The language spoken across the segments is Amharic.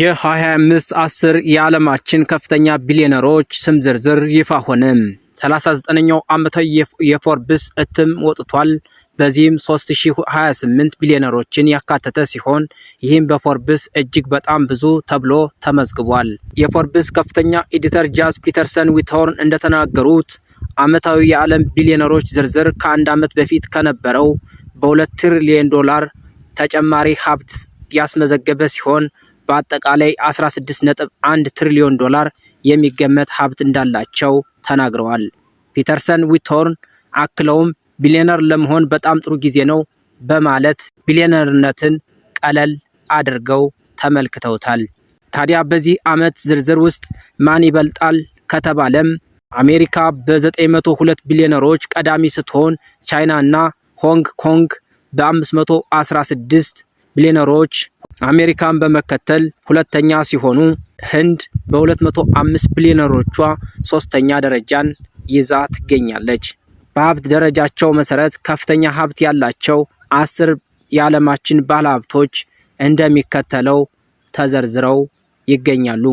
የ2025 አስር የዓለማችን ከፍተኛ ቢሊዮነሮች ስም ዝርዝር ይፋ ሆነ። 39ኛው ዓመታዊ የፎርብስ እትም ወጥቷል። በዚህም 3028 ቢሊዮነሮችን ያካተተ ሲሆን ይህም በፎርብስ እጅግ በጣም ብዙ ተብሎ ተመዝግቧል። የፎርብስ ከፍተኛ ኤዲተር ጃስ ፒተርሰን ዊትሆርን እንደተናገሩት ዓመታዊ የዓለም ቢሊዮነሮች ዝርዝር ከአንድ ዓመት በፊት ከነበረው በ2 ትሪሊዮን ዶላር ተጨማሪ ሀብት ያስመዘገበ ሲሆን በአጠቃላይ 16.1 ትሪሊዮን ዶላር የሚገመት ሀብት እንዳላቸው ተናግረዋል። ፒተርሰን ዊቶርን አክለውም ቢሊዮነር ለመሆን በጣም ጥሩ ጊዜ ነው በማለት ቢሊዮነርነትን ቀለል አድርገው ተመልክተውታል። ታዲያ በዚህ ዓመት ዝርዝር ውስጥ ማን ይበልጣል ከተባለም አሜሪካ በ902 ቢሊዮነሮች ቀዳሚ ስትሆን ቻይና እና ሆንግ ኮንግ በ516 ቢሊዮነሮች አሜሪካን በመከተል ሁለተኛ ሲሆኑ ህንድ በ205 ቢሊዮነሮቿ ሶስተኛ ደረጃን ይዛ ትገኛለች። በሀብት ደረጃቸው መሰረት ከፍተኛ ሀብት ያላቸው አስር የዓለማችን ባለሀብቶች እንደሚከተለው ተዘርዝረው ይገኛሉ።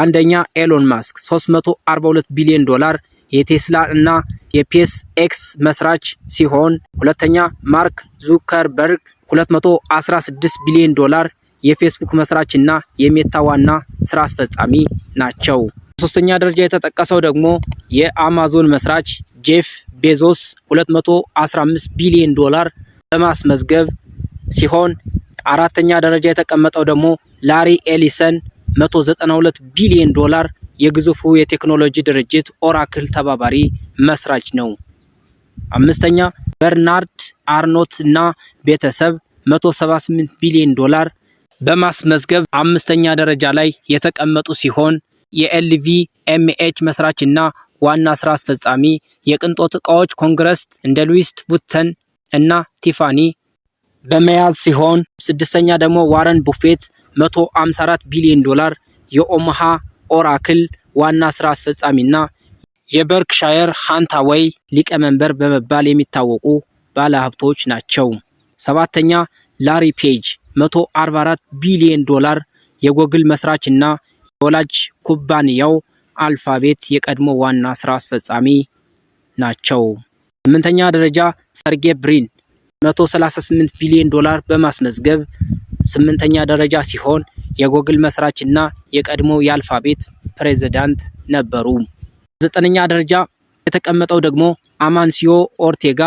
አንደኛ ኤሎን ማስክ 342 ቢሊዮን ዶላር የቴስላ እና የፔስ ኤክስ መስራች ሲሆን፣ ሁለተኛ ማርክ ዙከርበርግ 216 ቢሊዮን ዶላር የፌስቡክ መስራችና የሜታ ዋና ስራ አስፈጻሚ ናቸው። በሶስተኛ ደረጃ የተጠቀሰው ደግሞ የአማዞን መስራች ጄፍ ቤዞስ 215 ቢሊዮን ዶላር በማስመዝገብ ሲሆን አራተኛ ደረጃ የተቀመጠው ደግሞ ላሪ ኤሊሰን 192 ቢሊዮን ዶላር የግዙፉ የቴክኖሎጂ ድርጅት ኦራክል ተባባሪ መስራች ነው። አምስተኛ በርናርድ አርኖት እና ቤተሰብ 178 ቢሊዮን ዶላር በማስመዝገብ አምስተኛ ደረጃ ላይ የተቀመጡ ሲሆን የኤልቪ ኤምኤች መስራችና ዋና ስራ አስፈጻሚ፣ የቅንጦት ዕቃዎች ኮንግረስ እንደ ሉዊስ ቡተን እና ቲፋኒ በመያዝ ሲሆን ስድስተኛ ደግሞ ዋረን ቡፌት 154 ቢሊዮን ዶላር የኦማሃ ኦራክል ዋና ስራ አስፈጻሚና የበርክሻየር ሃንታወይ ሊቀመንበር በመባል የሚታወቁ ባለሀብቶች ናቸው። ሰባተኛ ላሪ ፔጅ 144 ቢሊዮን ዶላር የጎግል መስራች እና የወላጅ ኩባንያው አልፋቤት የቀድሞ ዋና ስራ አስፈጻሚ ናቸው። ስምንተኛ ደረጃ ሰርጌ ብሪን 138 ቢሊዮን ዶላር በማስመዝገብ ስምንተኛ ደረጃ ሲሆን የጎግል መስራች እና የቀድሞ የአልፋቤት ፕሬዝዳንት ነበሩ። ዘጠነኛ ደረጃ የተቀመጠው ደግሞ አማንሲዮ ኦርቴጋ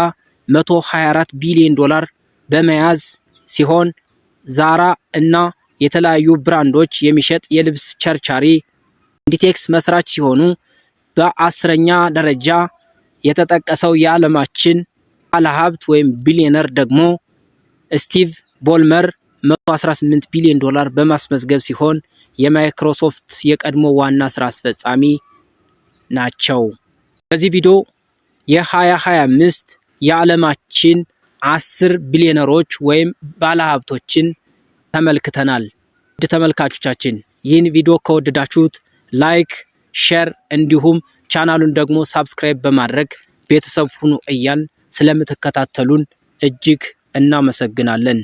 124 ቢሊዮን ዶላር በመያዝ ሲሆን ዛራ እና የተለያዩ ብራንዶች የሚሸጥ የልብስ ቸርቻሪ ኢንዲቴክስ መስራች ሲሆኑ በአስረኛ ደረጃ የተጠቀሰው የዓለማችን ባለሀብት ወይም ቢሊዮነር ደግሞ ስቲቭ ቦልመር 118 ቢሊዮን ዶላር በማስመዝገብ ሲሆን የማይክሮሶፍት የቀድሞ ዋና ስራ አስፈጻሚ ናቸው። በዚህ ቪዲዮ የ2025 የዓለማችን አስር ቢሊዮነሮች ወይም ባለሀብቶችን ተመልክተናል። ውድ ተመልካቾቻችን ይህን ቪዲዮ ከወደዳችሁት ላይክ፣ ሼር እንዲሁም ቻናሉን ደግሞ ሳብስክራይብ በማድረግ ቤተሰብ ሁኑ እያል ስለምትከታተሉን እጅግ እናመሰግናለን።